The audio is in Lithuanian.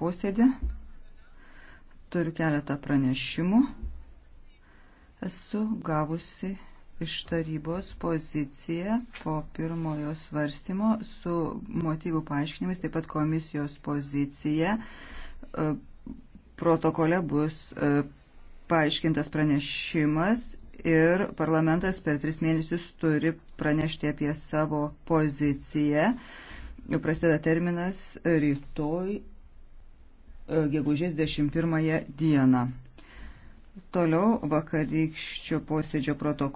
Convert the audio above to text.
posėdį. Turiu keletą pranešimų. Esu gavusi iš tarybos poziciją po pirmojo svarstymo su motyvų paaiškinimais, taip pat komisijos pozicija. E, protokole bus e, paaiškintas pranešimas ir parlamentas per tris mėnesius turi pranešti apie savo poziciją. Prasideda terminas rytoj E, gegužės 11 dieną. Toliau vakarykščio posėdžio protokolas.